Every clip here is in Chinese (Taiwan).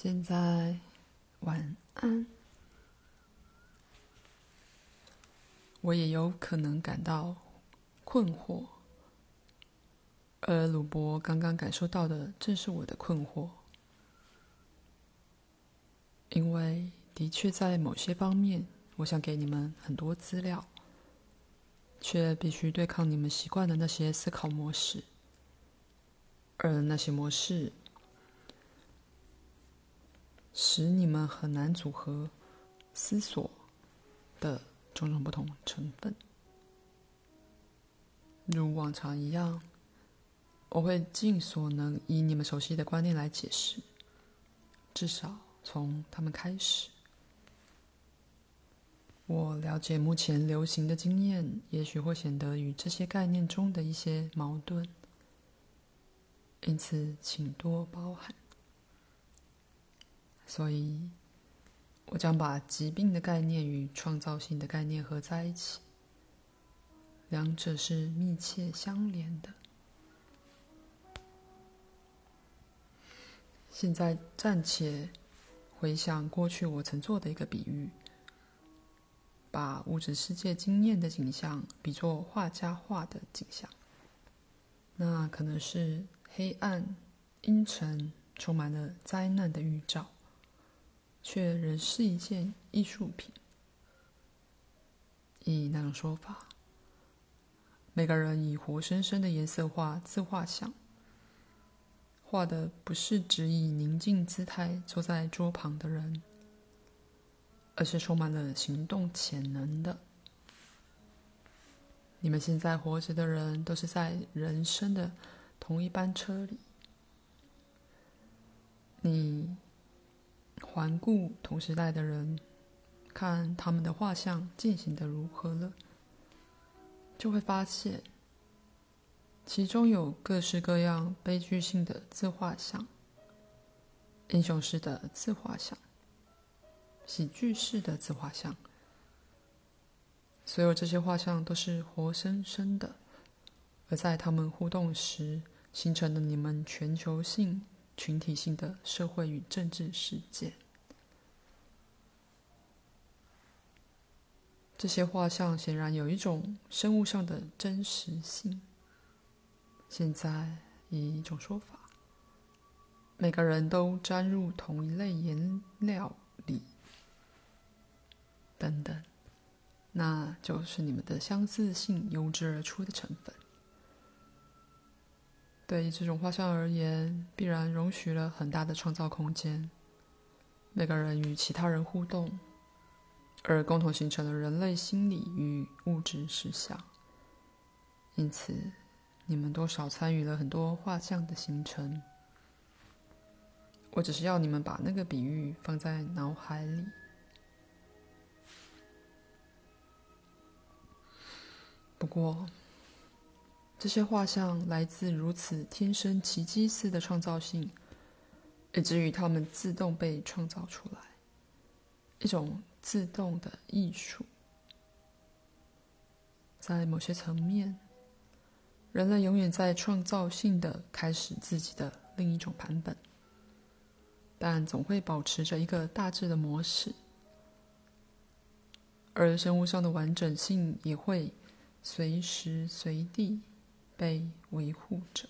現在晚安。我也有可能感到困惑，而魯伯剛剛感受到的正是我的困惑，因為的確在某些方面，我想給你們很多資料，卻必須對抗你們習慣的那些思考模式，而那些模式，使你們很難組合思索的種種不同成分。如往常一樣，我會盡所能以你們熟悉的觀念來解釋，至少從他們開始。我了解目前流行的經驗，也許會顯得與這些概念中的一些矛盾，因此請多包涵。所以，我將把疾病的概念與創造性的概念合在一起，兩者是密切相連的。現在暫且回想過去我曾做的一個比喻：把物質世界經驗的景象比作畫家畫的景象，那可能是黑暗、陰沉、充滿了災難的預兆。卻仍是一件藝術品。以那種說法，每個人以活生生的顏色畫自畫像，畫的不是只以寧靜姿態坐在桌旁的人，而是充滿了行動潛能的。你們現在活着的人，都是在人生的同一班車裡。你。環顧同時代的人，看他們的畫像進行得如何了，就會發現，其中有各式各樣悲劇性的自畫像，英雄式的自畫像，喜劇式的自畫像。所有這些畫像都是活生生的，而在他們互動時形成了你們全球性。群體性的社會與政治事件，這些畫像顯然有一種生物上的真實性。現在以一種說法，每個人都沾入同一類顏料裡，等等，那就是你們的相似性由之而出的成分。對於這種畫像而言，必然容許了很大的創造空間。每、每個人與其他人互動，而共同形成了人類心理與物質實相。因此，你們多少參與了很多畫像的形成。我只是要你們把那個比喻放在腦海裡。不過。這些畫像來自如此天生奇蹟似的創造性，以至於它們自動被創造出來，一種自動的藝術。在某些層面，人類永遠在創造性地開始自己的另一種版本，但總會保持着一個大致的模式，而生物上的完整性也會隨時隨地。被維護着。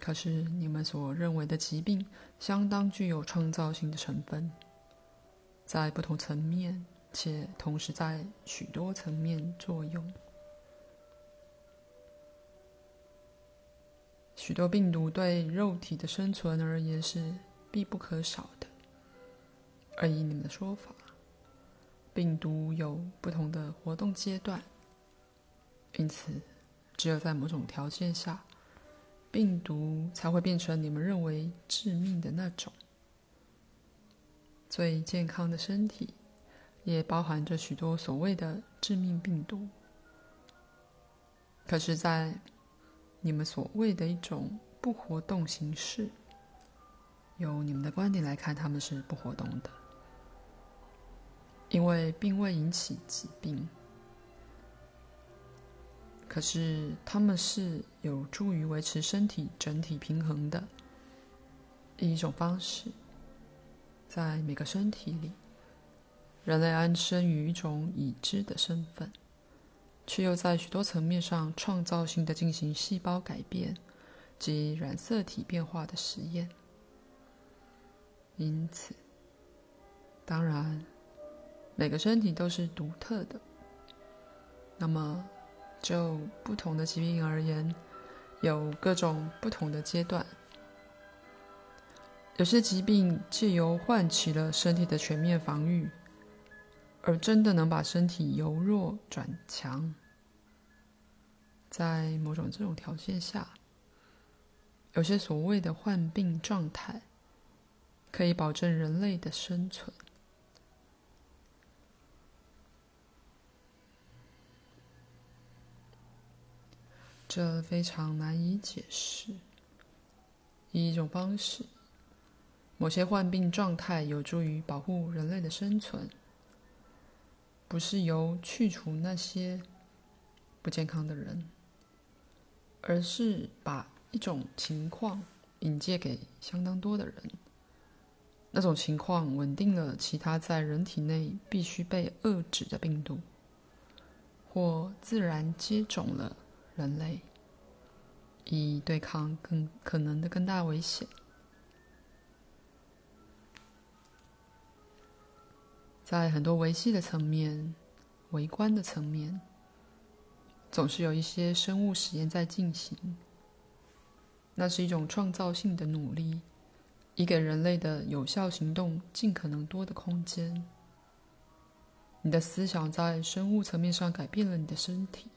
可是，你們所認為的疾病，相當具有創造性的成分，在不同層面，且同時在許多層面作用。許多病毒對肉體的生存而言是必不可少的，而以你們的說法，病毒有不同的活動階段。因此，只有在某種條件下，病毒才會變成你們認為致命的那種。最健康的身體也包含着許多所謂的致命病毒。可是，在你們所謂的一種不活動形式，由你們的觀點來看，他們是不活動的，因為並未引起疾病。可是，它們是有助於維持身體整體平衡的一種方式。在每個身體裡，人類安身於一種已知的身份，卻又在許多層面上創造性地進行細胞改變及染色體變化的實驗。因此，當然，每個身體都是獨特的。那麼，就不同的疾病而言，有各種不同的階段。有些疾病借由喚起了身體的全面防禦，而真的能把身體由弱轉強。在某種這種條件下，有些所謂的患病狀態，可以保證人類的生存。這非常難以解釋。以一種方式，某些患病狀態有助於保護人類的生存，不是由去除那些不健康的人，而是把一種情況引介給相當多的人。那種情況穩定了其他在人體內必須被遏制的病毒，或自然接種了。人類以對抗更可能的更大危險，在很多維繫的層面、微觀的層面，總是有一些生物實驗在進行。那是一種創造性的努力，以給人類的有效行動盡可能多的空間。你的思想在生物層面上改變了你的身體。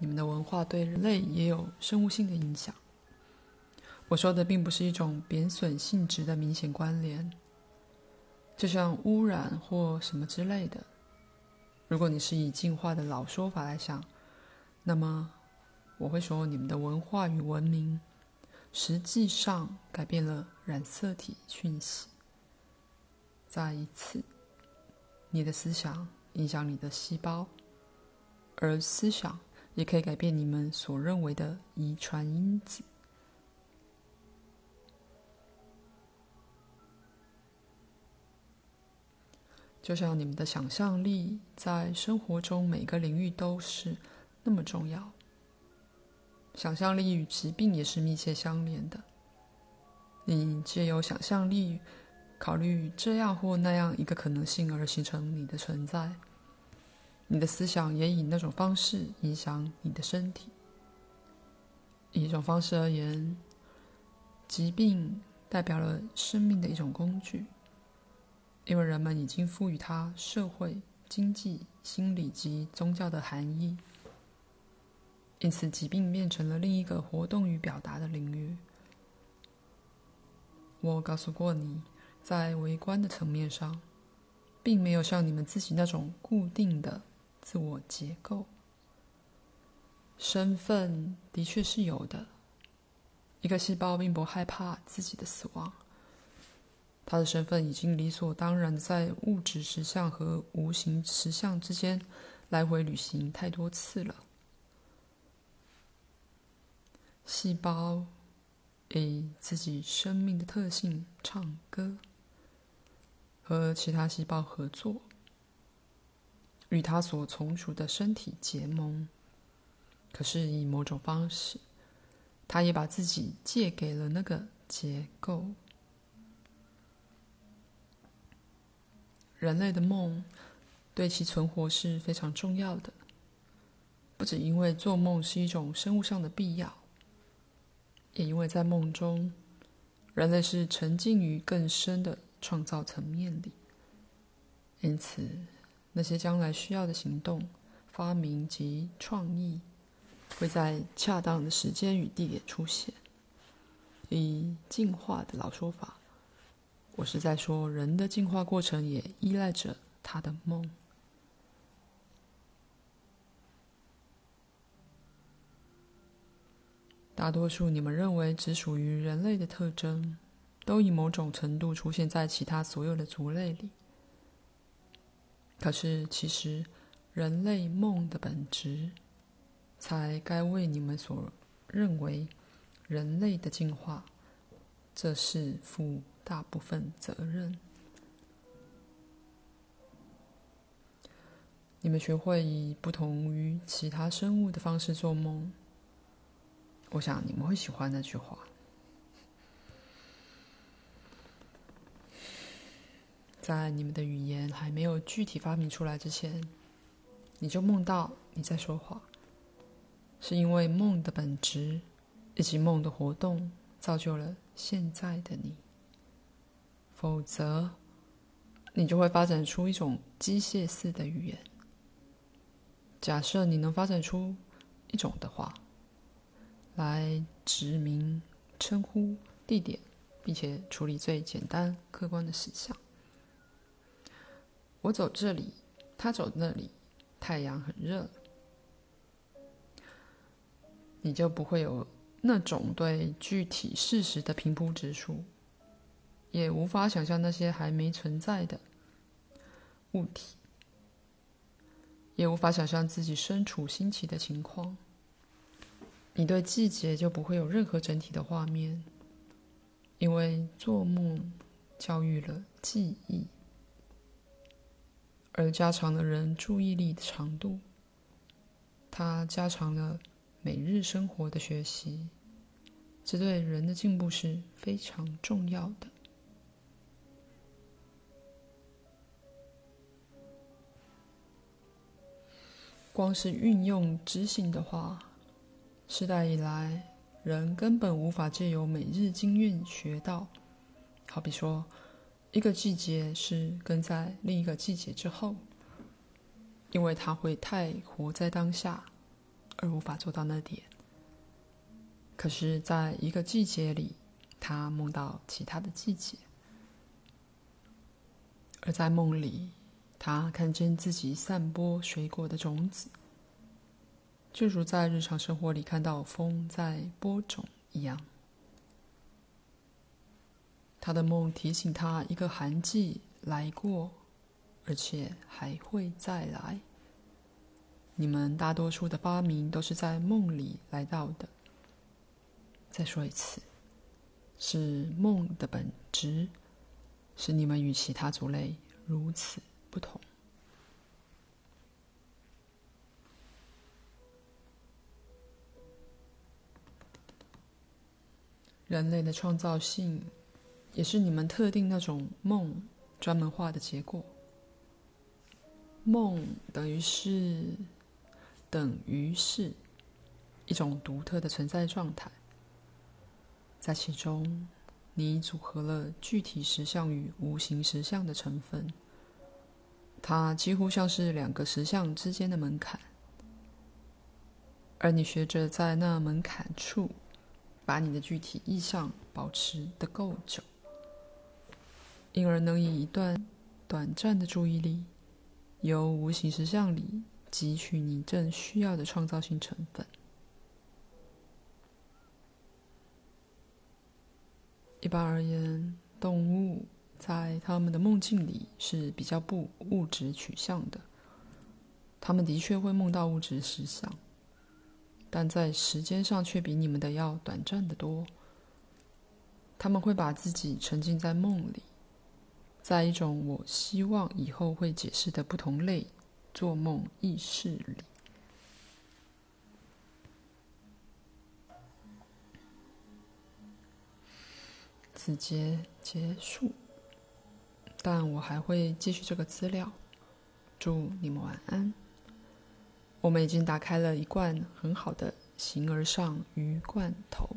你們的文化對人類也有生物性的影響。我說的並不是一種貶損性質的明顯關聯，就像污染或什麼之類的。如果你是以進化的老說法來想，那麼我會說你們的文化與文明實際上改變了染色體訊息。再一次，你的思想影響你的細胞，而思想，也可以改變你們所認為的遺傳因子，就像你們的想象力在生活中每個領域都是那麼重要。想象力與疾病也是密切相連的。你借由想象力考慮這樣或那樣一個可能性而形成你的存在。你的思想也以那種方式影響你的身體。以一種方式而言，疾病代表了生命的一種工具，因為人們已經賦予它社會、經濟、心理及宗教的含義。因此，疾病變成了另一個活動與表達的領域。我告訴過你，在微觀的層面上，並沒有像你們自己那種固定的。自我結構，身份的確是有的。一個細胞並不害怕自己的死亡，它的身份已經理所當然的在物質實相和無形實相之間來回旅行太多次了。細胞以自己生命的特性唱歌，和其他細胞合作。與他所從屬的身體結盟，可是以某種方式，他也把自己借給了那個結構。人類的夢對其存活是非常重要的，不只因為做夢是一種生物上的必要，也因為在夢中，人類是沉浸於更深的創造層面裡，因此。那些將來需要的行動、發明及創意，會在恰當的時間與地點出現。以進化的老說法，我是在說人的進化過程也依賴着他的夢。大多數你們認為只屬於人類的特徵，都以某種程度出現在其他所有的族類裡。可是，其實，人類夢的本質，才該為你們所認為，人類的進化，這是負大部分責任。你們學會以不同於其他生物的方式做夢，我想你們會喜歡那句話。在你們的語言還沒有具體發明出來之前，你就夢到你在說話，是因為夢的本質以及夢的活動造就了現在的你。否則，你就會發展出一種機械式的語言。假設你能發展出一種的話，來指明稱呼地點，並且處理最簡單客觀的事項。我走這裡，他走那裡，太陽很熱，你就不會有那種對具體事實的平鋪直敘。也無法想象那些還沒存在的物體，也無法想象自己身處新奇的情況。你對季節就不會有任何整體的畫面，因為做夢教育了記憶，而加長了人注意力的長度，它加長了每日生活的學習，這對人的進步是非常重要的。光是運用知性的話，世代以來人根本無法借由每日經驗學到，好比說。一個季節是跟在另一個季節之後，因為他會太活在當下，而無法做到那點。可是，在一個季節裡，他夢到其他的季節，而在夢裡，他看見自己散播水果的種子，就如在日常生活裡看到風在播種一樣。他的夢提醒他，一個寒季來過，而且還會再來。你們大多數的發明都是在夢裡來到的。再說一次，是夢的本質，使你們與其他族類如此不同。人類的創造性。也是你們特定那種夢專門畫的結果。夢等於是，等於是，一種獨特的存在狀態。在其中，你組合了具體實相與無形實相的成分。它幾乎像是兩個實相之間的門檻。而你學着在那門檻處，把你的具體意象保持得夠久。因而能以一段短暫的注意力，由無形實相裡汲取你正需要的創造性成分。一般而言，動物在他們的夢境裡是比較不物質取向的，他們的確會夢到物質實相，但在時間上卻比你們的要短暫得多。他們會把自己沉浸在夢裡。在一種我希望以後會解釋的不同類做夢意識裡，此節結束。但我還會繼續這個資料。祝你們晚安。我們已經打開了一罐很好的形而上魚罐頭。